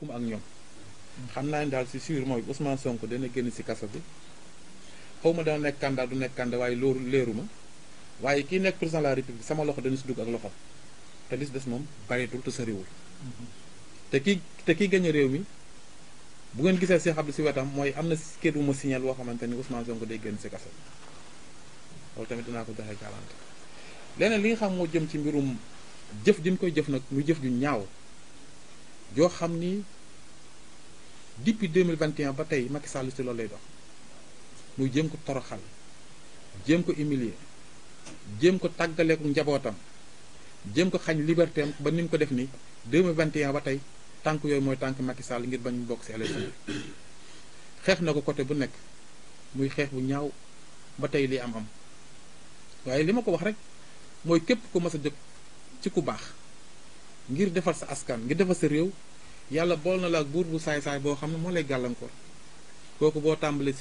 bokkuma ak ñoom xam naa ni daal si sûr mooy Ousmane Sonko dana génn si kaso bi xaw ma dana nekk candidat du nekk candidat waaye loolu leeru ma waaye kii nekk président de la sama loxo dana si dugg ak loxo te lis des moom bareetul te soriwul te kii te kii réew mi bu ngeen gisee si xam si wetam mooy am na kër ma signal woo xamante ni Ousmane Sonko day génn si kaso bi loolu tamit dinaa ko joxe garanti leneen li nga xam moo jëm ci mbirum jëf ji ñu koy jëf nag muy jëf ju ñaaw joo xam ni depuis 2021 ba tey Macky Sall ci loolu lay dox muy jëm ko toroxal jëm ko humilier jéem ko tàggaleeku njabootam jéem ko xañ liberté am ba ni mu ko def ni 2021 ba tey tànk yooyu mooy tànk Macky Sall ngir bañ mu bokk ci élection xeex na ko côté bu nekk muy xeex bu ñaaw ba tey li am am waaye li ma ko wax rek mooy képp ko mas a jóg ci ku baax ngir defar sa askan ngir defal sa réew yàlla bool na la ak buur bu saay-saay boo xam ne moo lay gàllankoor kooku boo tàmbalee si